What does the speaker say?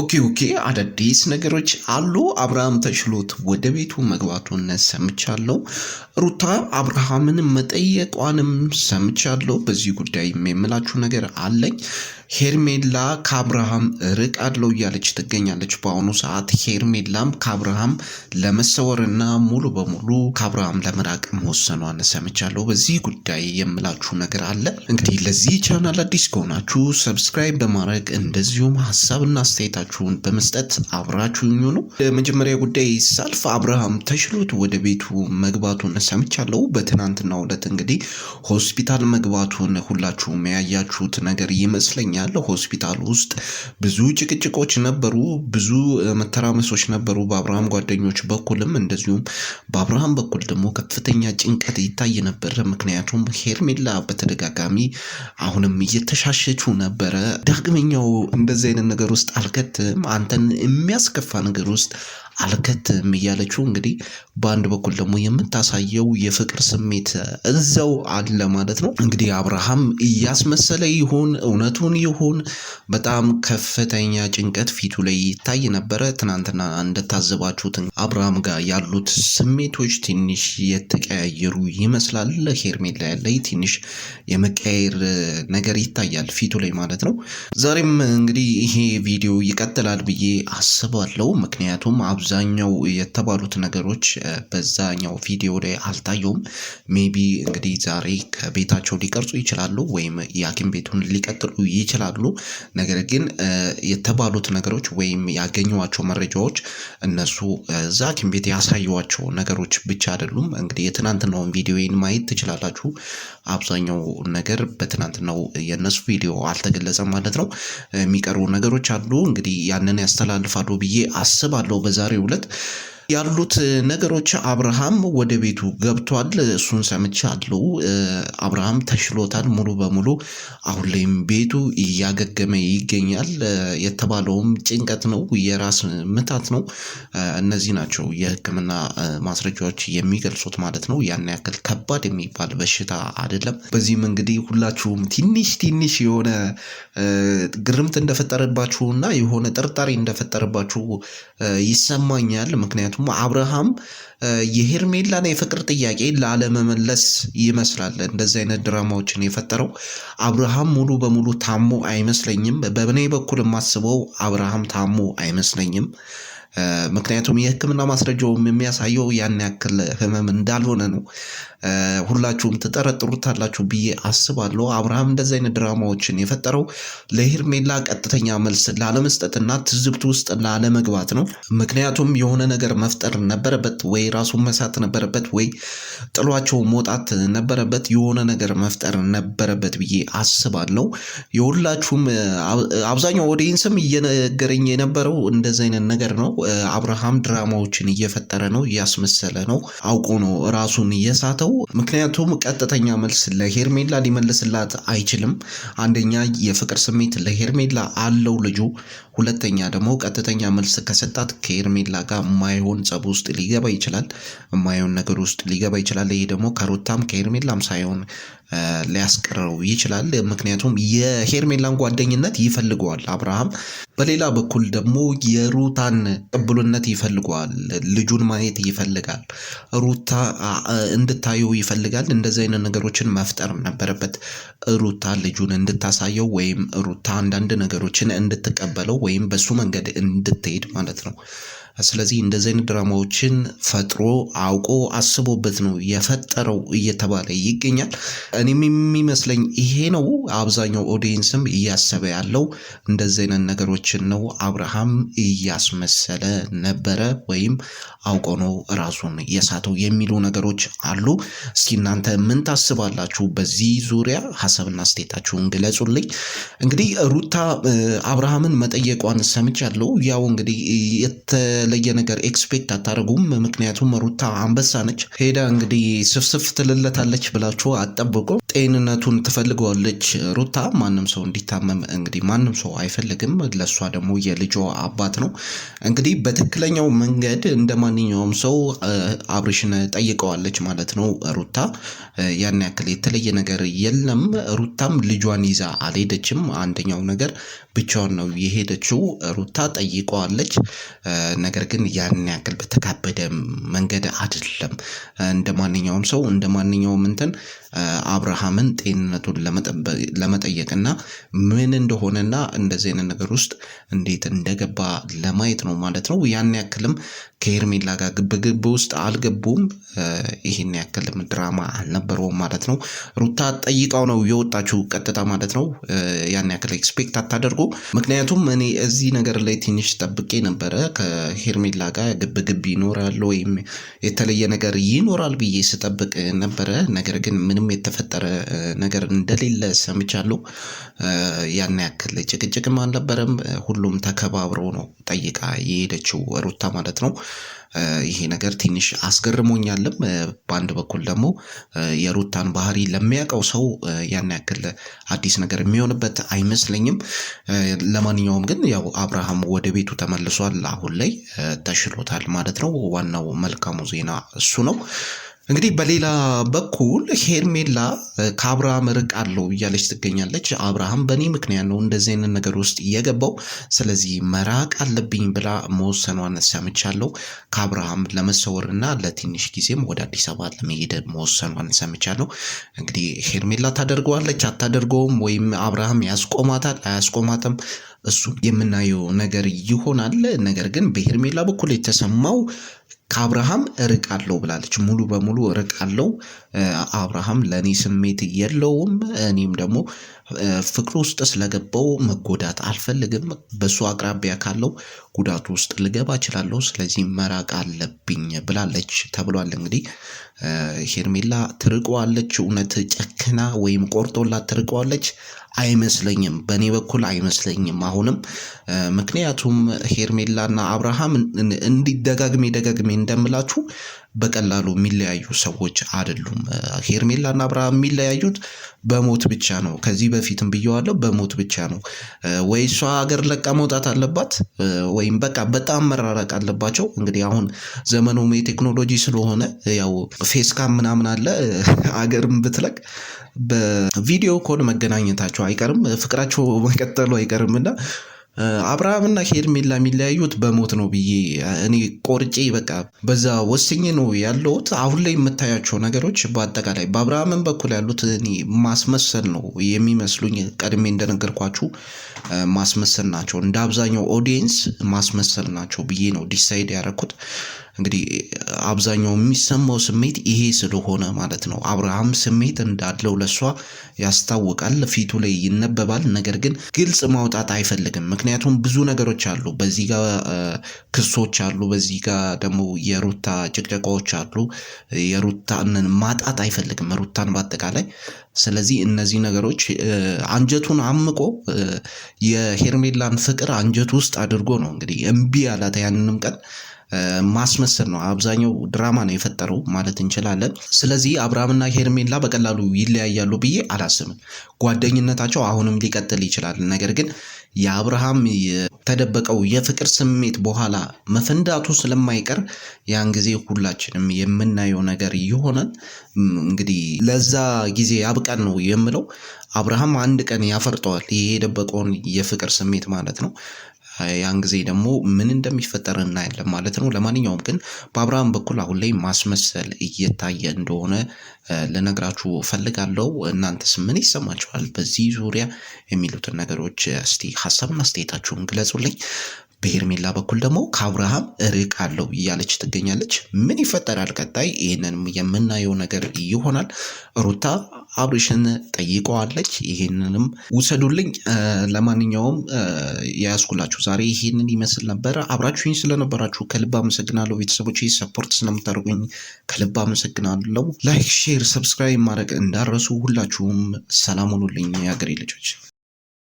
ኦኬ ኦኬ አዳዲስ ነገሮች አሉ። አብርሃም ተችሎት ወደ ቤቱ መግባቱን ሰምቻለሁ። ሩታ አብርሃምን መጠየቋንም ሰምቻለሁ። በዚህ ጉዳይ የምላችሁ ነገር አለኝ። ሄርሜላ ከአብርሃም ርቅ አለው እያለች ትገኛለች። በአሁኑ ሰዓት ሄርሜላም ከአብርሃም ለመሰወርና ሙሉ በሙሉ ከአብርሃም ለመራቅ መወሰኗን ሰምቻለሁ። በዚህ ጉዳይ የምላችሁ ነገር አለ። እንግዲህ ለዚህ ቻናል አዲስ ከሆናችሁ ሰብስክራይብ በማድረግ እንደዚሁም ሀሳብና አስተያየታ አስተያየታችሁን በመስጠት አብራችሁ የሚሆኑ ለመጀመሪያ ጉዳይ ሳልፍ አብርሃም ተሽሎት ወደ ቤቱ መግባቱን ሰምቻለሁ። በትናንትናው ዕለት እንግዲህ ሆስፒታል መግባቱን ሁላችሁም ያያችሁት ነገር ይመስለኛል። ሆስፒታል ውስጥ ብዙ ጭቅጭቆች ነበሩ፣ ብዙ መተራመሶች ነበሩ በአብርሃም ጓደኞች በኩልም እንደዚሁም በአብርሃም በኩል ደግሞ ከፍተኛ ጭንቀት ይታይ ነበር። ምክንያቱም ሄርሜላ በተደጋጋሚ አሁንም እየተሻሸችው ነበረ። ዳግመኛው እንደዚህ አይነት ነገር ውስጥ አልገድ አይመለከትህም። አንተን የሚያስከፋ ነገር ውስጥ አልከትም እያለችው እንግዲህ በአንድ በኩል ደግሞ የምታሳየው የፍቅር ስሜት እዛው አለ ማለት ነው። እንግዲህ አብርሃም እያስመሰለ ይሁን እውነቱን ይሁን በጣም ከፍተኛ ጭንቀት ፊቱ ላይ ይታይ ነበረ። ትናንትና እንደታዘባችሁት አብርሃም ጋር ያሉት ስሜቶች ትንሽ የተቀያየሩ ይመስላል። ሄርሜላ ላይ ትንሽ የመቀያየር ነገር ይታያል ፊቱ ላይ ማለት ነው። ዛሬም እንግዲህ ይሄ ቪዲዮ ይቀጥላል ብዬ አስባለሁ። ምክንያቱም አብ አብዛኛው የተባሉት ነገሮች በዛኛው ቪዲዮ ላይ አልታየውም። ሜቢ እንግዲህ ዛሬ ከቤታቸው ሊቀርጹ ይችላሉ ወይም የሐኪም ቤቱን ሊቀጥሉ ይችላሉ። ነገር ግን የተባሉት ነገሮች ወይም ያገኘዋቸው መረጃዎች እነሱ እዛ ሐኪም ቤት ያሳየዋቸው ነገሮች ብቻ አይደሉም። እንግዲህ የትናንትናውን ቪዲዮን ማየት ትችላላችሁ። አብዛኛው ነገር በትናንትናው የእነሱ ቪዲዮ አልተገለጸም ማለት ነው። የሚቀርቡ ነገሮች አሉ እንግዲህ ያንን ያስተላልፋሉ ብዬ አስባለሁ በዛሬ 2 2 ያሉት ነገሮች አብርሃም ወደ ቤቱ ገብቷል። እሱን ሰምቻለሁ። አብርሃም ተሽሎታል ሙሉ በሙሉ አሁን ላይም ቤቱ እያገገመ ይገኛል። የተባለውም ጭንቀት ነው፣ የራስ ምታት ነው። እነዚህ ናቸው የሕክምና ማስረጃዎች የሚገልጹት ማለት ነው። ያን ያክል ከባድ የሚባል በሽታ አይደለም። በዚህም እንግዲህ ሁላችሁም ትንሽ ትንሽ የሆነ ግርምት እና የሆነ ጥርጣሬ እንደፈጠረባችሁ ይሰማኛል ምክንያቱ ደግሞ አብርሃም የሄርሜላን የፍቅር ጥያቄ ላለመመለስ ይመስላል እንደዚህ አይነት ድራማዎችን የፈጠረው። አብርሃም ሙሉ በሙሉ ታሞ አይመስለኝም። በእኔ በኩል የማስበው አብርሃም ታሞ አይመስለኝም። ምክንያቱም የህክምና ማስረጃውም የሚያሳየው ያን ያክል ህመም እንዳልሆነ ነው። ሁላችሁም ትጠረጥሩታላችሁ ብዬ አስባለሁ። አብርሃም እንደዚህ አይነት ድራማዎችን የፈጠረው ለሄርሜላ ቀጥተኛ መልስ ላለመስጠትና ትዝብት ውስጥ ላለመግባት ነው። ምክንያቱም የሆነ ነገር መፍጠር ነበረበት፣ ወይ ራሱን መሳት ነበረበት፣ ወይ ጥሏቸው መውጣት ነበረበት። የሆነ ነገር መፍጠር ነበረበት ብዬ አስባለሁ። የሁላችሁም አብዛኛው ኦዲየንስም እየነገረኝ የነበረው እንደዚህ አይነት ነገር ነው። አብርሃም ድራማዎችን እየፈጠረ ነው፣ እያስመሰለ ነው፣ አውቆ ነው ራሱን እየሳተው። ምክንያቱም ቀጥተኛ መልስ ለሄርሜላ ሊመልስላት አይችልም። አንደኛ የፍቅር ስሜት ለሄርሜላ አለው ልጁ፣ ሁለተኛ ደግሞ ቀጥተኛ መልስ ከሰጣት ከሄርሜላ ጋር የማይሆን ጸብ ውስጥ ሊገባ ይችላል፣ የማይሆን ነገር ውስጥ ሊገባ ይችላል። ይሄ ደግሞ ከሩታም ከሄርሜላም ሳይሆን ሊያስቀረው ይችላል። ምክንያቱም የሄርሜላን ጓደኝነት ይፈልገዋል አብርሃም። በሌላ በኩል ደግሞ የሩታን ቅብሉነት ይፈልገዋል። ልጁን ማየት ይፈልጋል። ሩታ እንድታየው ይፈልጋል። እንደዚህ አይነት ነገሮችን መፍጠር ነበረበት። ሩታ ልጁን እንድታሳየው ወይም ሩታ አንዳንድ ነገሮችን እንድትቀበለው ወይም በሱ መንገድ እንድትሄድ ማለት ነው። ስለዚህ እንደዚህ አይነት ድራማዎችን ፈጥሮ አውቆ አስቦበት ነው የፈጠረው እየተባለ ይገኛል። እኔም የሚመስለኝ ይሄ ነው። አብዛኛው ኦዲየንስም እያሰበ ያለው እንደዚህ አይነት ነገሮችን ነው። አብርሃም እያስመሰለ ነበረ ወይም አውቆ ነው ራሱን የሳተው የሚሉ ነገሮች አሉ። እስኪ እናንተ ምን ታስባላችሁ? በዚህ ዙሪያ ሀሳብና አስተያየታችሁን ግለጹልኝ። እንግዲህ ሩታ አብርሃምን መጠየቋን ሰምቻለሁ። ያው እንግዲህ የተ የተለየ ነገር ኤክስፔክት አታደርጉም። ምክንያቱም ሩታ አንበሳ ነች። ሄዳ እንግዲህ ስፍስፍ ትልለታለች ብላችሁ አጠብቁ። ጤንነቱን ትፈልገዋለች ሩታ። ማንም ሰው እንዲታመም እንግዲህ ማንም ሰው አይፈልግም። ለእሷ ደግሞ የልጇ አባት ነው። እንግዲህ በትክክለኛው መንገድ እንደ ማንኛውም ሰው አብርሽን ጠይቀዋለች ማለት ነው ሩታ። ያን ያክል የተለየ ነገር የለም። ሩታም ልጇን ይዛ አልሄደችም። አንደኛው ነገር ብቻዋን ነው የሄደችው። ሩታ ጠይቀዋለች። ነገር ግን ያን ያክል በተካበደ መንገድ አይደለም። እንደ ማንኛውም ሰው እንደ ማንኛውም እንትን አብርሃምን ጤንነቱን ለመጠየቅ ምን እንደሆነና እንደዚህ አይነት ነገር ውስጥ እንዴት እንደገባ ለማየት ነው ማለት ነው። ያን ያክልም ከሄርሜላ ጋር ግብግብ ውስጥ አልገቡም። ይህን ያክልም ድራማ አልነበረውም ማለት ነው። ሩታ ጠይቃው ነው የወጣችው ቀጥታ ማለት ነው። ያን ያክል ኤክስፔክት አታደርጉ። ምክንያቱም እኔ እዚህ ነገር ላይ ትንሽ ጠብቄ ነበረ ከሄርሜላ ጋር ግብግብ ይኖራል ወይም የተለየ ነገር ይኖራል ብዬ ስጠብቅ ነበረ። ነገር ግን ምንም ምንም የተፈጠረ ነገር እንደሌለ ሰምቻለሁ። ያን ያክል ጭቅጭቅም አልነበረም ሁሉም ተከባብሮ ነው ጠይቃ የሄደችው ሩታ ማለት ነው። ይሄ ነገር ትንሽ አስገርሞኛልም በአንድ በኩል ደግሞ የሩታን ባህሪ ለሚያውቀው ሰው ያን ያክል አዲስ ነገር የሚሆንበት አይመስለኝም። ለማንኛውም ግን ያው አብርሃም ወደ ቤቱ ተመልሷል አሁን ላይ ተሽሎታል ማለት ነው። ዋናው መልካሙ ዜና እሱ ነው። እንግዲህ በሌላ በኩል ሄርሜላ ከአብርሃም አለው እያለች ትገኛለች። አብርሃም በእኔ ምክንያት ነው እንደዚህ አይነት ነገር ውስጥ እየገባው፣ ስለዚህ መራቅ አለብኝ ብላ መወሰኗን ሰምቻለሁ። ከአብርሃም ለመሰወርና ለትንሽ ጊዜም ወደ አዲስ አበባ ለመሄድ መወሰኗን ሰምቻለሁ። እንግዲህ ሄርሜላ ታደርገዋለች አታደርገውም፣ ወይም አብርሃም ያስቆማታል አያስቆማትም፣ እሱ የምናየው ነገር ይሆናል። ነገር ግን በሄርሜላ በኩል የተሰማው ከአብርሃም እርቃለሁ ብላለች ሙሉ በሙሉ እርቃለሁ። አብርሃም ለኔ ስሜት የለውም እኔም ደግሞ ፍቅር ውስጥ ስለገባው መጎዳት አልፈልግም። በሱ አቅራቢያ ካለው ጉዳት ውስጥ ልገባ እችላለሁ ስለዚህ መራቅ አለብኝ ብላለች ተብሏል። እንግዲህ ሄርሜላ ትርቀዋለች እውነት ጨክና ወይም ቆርጦላት ትርቀዋለች አይመስለኝም። በእኔ በኩል አይመስለኝም። አሁንም ምክንያቱም ሄርሜላና አብርሃም እንዲደጋግሜ ደጋግሜ እንደምላችሁ በቀላሉ የሚለያዩ ሰዎች አይደሉም። ሄርሜላና አብርሃም የሚለያዩት በሞት ብቻ ነው። ከዚህ በፊትም ብየዋለው በሞት ብቻ ነው ወይ እሷ ሀገር ለቃ መውጣት አለባት ወይም በቃ በጣም መራራቅ አለባቸው። እንግዲህ አሁን ዘመኑ የቴክኖሎጂ ስለሆነ ያው ፌስካም ምናምን አለ አገርም ብትለቅ በቪዲዮ ኮል መገናኘታቸው አይቀርም፣ ፍቅራቸው መቀጠሉ አይቀርም እና አብርሃምና ሄርሜላ የሚለያዩት በሞት ነው ብዬ እኔ ቆርጬ በቃ በዛ ወስኜ ነው ያለሁት። አሁን ላይ የምታያቸው ነገሮች በአጠቃላይ በአብርሃምን በኩል ያሉት እኔ ማስመሰል ነው የሚመስሉኝ። ቀድሜ እንደነገርኳችሁ ማስመሰል ናቸው፣ እንደ አብዛኛው ኦዲየንስ ማስመሰል ናቸው ብዬ ነው ዲሳይድ ያደረኩት። እንግዲህ አብዛኛው የሚሰማው ስሜት ይሄ ስለሆነ ማለት ነው። አብርሃም ስሜት እንዳለው ለሷ ያስታውቃል፣ ፊቱ ላይ ይነበባል። ነገር ግን ግልጽ ማውጣት አይፈልግም። ምክንያቱም ብዙ ነገሮች አሉ። በዚህ ጋር ክሶች አሉ። በዚህ ጋር ደግሞ የሩታ ጭቅጨቃዎች አሉ። የሩታንን ማጣት አይፈልግም ሩታን በአጠቃላይ። ስለዚህ እነዚህ ነገሮች አንጀቱን አምቆ የሄርሜላን ፍቅር አንጀቱ ውስጥ አድርጎ ነው እንግዲህ እምቢ ያላት ያንንም ቀን ማስመሰል ነው። አብዛኛው ድራማ ነው የፈጠረው ማለት እንችላለን። ስለዚህ አብርሃምና ሄርሜላ በቀላሉ ይለያያሉ ብዬ አላስብም። ጓደኝነታቸው አሁንም ሊቀጥል ይችላል። ነገር ግን የአብርሃም የተደበቀው የፍቅር ስሜት በኋላ መፈንዳቱ ስለማይቀር ያን ጊዜ ሁላችንም የምናየው ነገር ይሆናል። እንግዲህ ለዛ ጊዜ አብቀን ነው የምለው። አብርሃም አንድ ቀን ያፈርጠዋል ይሄ የደበቀውን የፍቅር ስሜት ማለት ነው። ያን ጊዜ ደግሞ ምን እንደሚፈጠር እናያለን ማለት ነው። ለማንኛውም ግን በአብርሃም በኩል አሁን ላይ ማስመሰል እየታየ እንደሆነ ልነግራችሁ እፈልጋለሁ። እናንተስ ምን ይሰማችኋል በዚህ ዙሪያ የሚሉትን ነገሮች እስቲ ሀሳብና አስተያየታችሁን ግለጹልኝ። በሄርሜላ በኩል ደግሞ ከአብርሃም ርቅ አለው እያለች ትገኛለች። ምን ይፈጠራል ቀጣይ? ይህንን የምናየው ነገር ይሆናል። ሩታ አብርሽን ጠይቀዋለች። ይህንንም ውሰዱልኝ። ለማንኛውም የያዝኩላችሁ ዛሬ ይህንን ይመስል ነበረ። አብራችሁኝ ስለነበራችሁ ከልብ አመሰግናለሁ። ቤተሰቦች ሰፖርት ስለምታደርጉኝ ከልብ አመሰግናለሁ። ላይክ፣ ሼር፣ ሰብስክራይብ ማድረግ እንዳረሱ። ሁላችሁም ሰላም ሁኑልኝ የሀገሬ ልጆች።